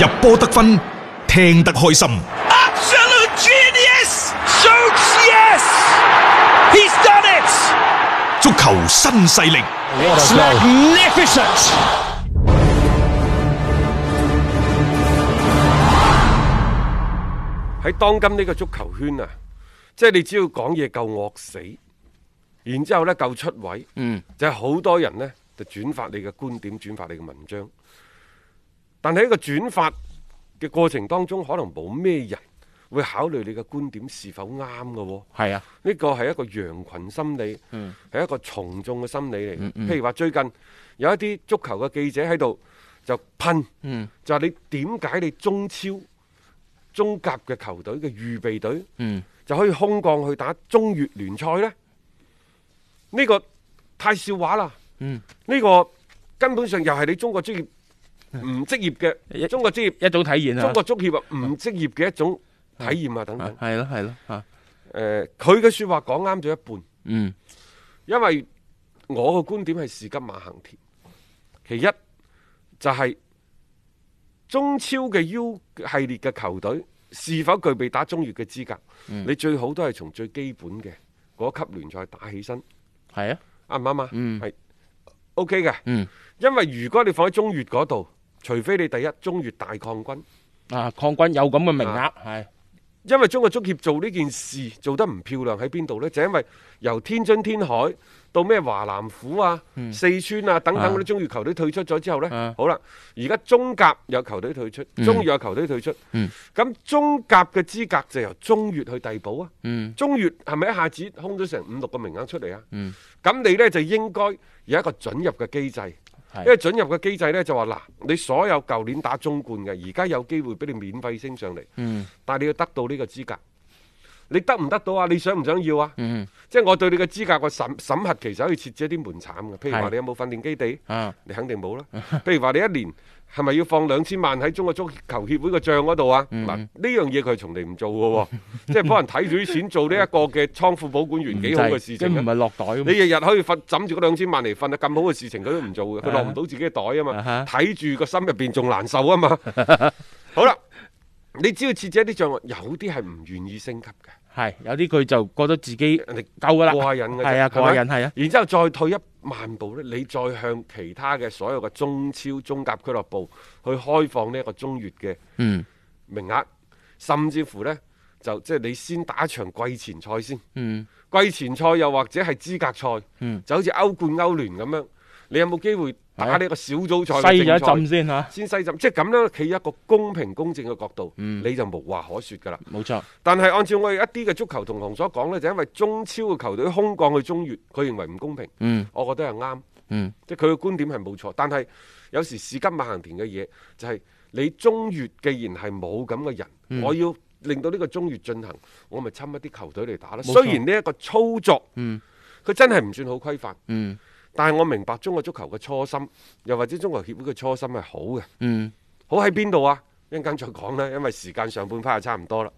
入波得分，聽得開心。Absolute genius, yes, he's done it. 足球新勢力，我哋都。Magnificent。喺當今呢個足球圈啊，即係你只要講嘢夠惡死，然之後呢夠出位，嗯，就係好多人呢就轉發你嘅觀點，轉發你嘅文章。但係喺個轉發嘅過程當中，可能冇咩人會考慮你嘅觀點是否啱嘅喎。係啊，呢個係一個羊群心理，係、嗯、一個從眾嘅心理嚟。嗯嗯、譬如話最近有一啲足球嘅記者喺度就噴，嗯、就話你點解你中超、中甲嘅球隊嘅預備隊、嗯、就可以空降去打中乙聯賽呢？呢、這個太笑話啦！呢、嗯、個根本上又係你中國職業。唔職業嘅中國職業一,一種體驗啊！中國足協啊，唔職業嘅一種體驗啊，等等。係咯係咯吓，誒，佢嘅，啊呃、說話講啱咗一半。嗯。因為我嘅觀點係士急馬行田，其一就係中超嘅 U 系列嘅球隊是否具備打中越嘅資格？嗯、你最好都係從最基本嘅嗰級聯賽打起身。係啊，啱唔啱啊？嗯。係。O K 嘅。嗯。Okay、嗯，因為如果你放喺中越嗰度。除非你第一中乙大擴軍啊，擴軍有咁嘅名額係，啊、是因為中國足協做呢件事做得唔漂亮喺邊度呢？就因為由天津天海到咩華南虎啊、嗯、四川啊等等嗰啲中乙球隊退出咗之後呢。啊、好啦，而家中甲有球隊退出，中乙有球隊退出，咁、嗯、中甲嘅資格就由中乙去遞補啊。嗯、中乙係咪一下子空咗成五六個名額出嚟啊？咁、嗯、你呢，就應該有一個准入嘅機制。因為准入嘅機制咧，就話嗱，你所有舊年打中冠嘅，而家有機會俾你免費升上嚟，嗯、但係你要得到呢個資格。你得唔得到啊？你想唔想要啊？即係我對你嘅資格個審核其實可以設置一啲門檻嘅，譬如話你有冇訓練基地？你肯定冇啦。譬如話你一年係咪要放兩千萬喺中國足球協會個賬嗰度啊？嗱，呢樣嘢佢係從嚟唔做嘅，即係幫人睇住啲錢做呢一個嘅倉庫保管員幾好嘅事情係落袋？你日日可以瞓枕住嗰兩千萬嚟瞓得咁好嘅事情佢都唔做嘅，佢落唔到自己嘅袋啊嘛，睇住個心入邊仲難受啊嘛。好啦。你只要設置一啲障礙，有啲係唔願意升級嘅，係有啲佢就覺得自己人哋夠噶啦，過下人嘅，係啊，過吧人係啊。然之後再退一萬步咧，你再向其他嘅所有嘅中超中甲俱樂部去開放呢一個中乙嘅名額，嗯、甚至乎呢，就即係、就是、你先打一場季前賽先，嗯、季前賽又或者係資格賽，嗯、就好似歐冠、歐聯咁樣，你有冇機會？打呢個小組賽，細一陣先吓、啊，先細浸，即係咁樣企一個公平公正嘅角度，嗯、你就無話可說噶啦，冇錯錯。但係按照我哋一啲嘅足球同行所講呢，就因為中超嘅球隊空降去中乙，佢認為唔公平，嗯、我覺得係啱，嗯、即係佢嘅觀點係冇錯。但係有時事急馬行田嘅嘢，就係、是、你中乙既然係冇咁嘅人，嗯、我要令到呢個中乙進行，我咪侵一啲球隊嚟打啦。錯嗯、雖然呢一個操作，佢真係唔算好規範，嗯。嗯但係我明白中國足球嘅初心，又或者中國協會嘅初心係好嘅。嗯，好喺邊度啊？一陣間再講啦，因為時間上半 part 係差唔多啦。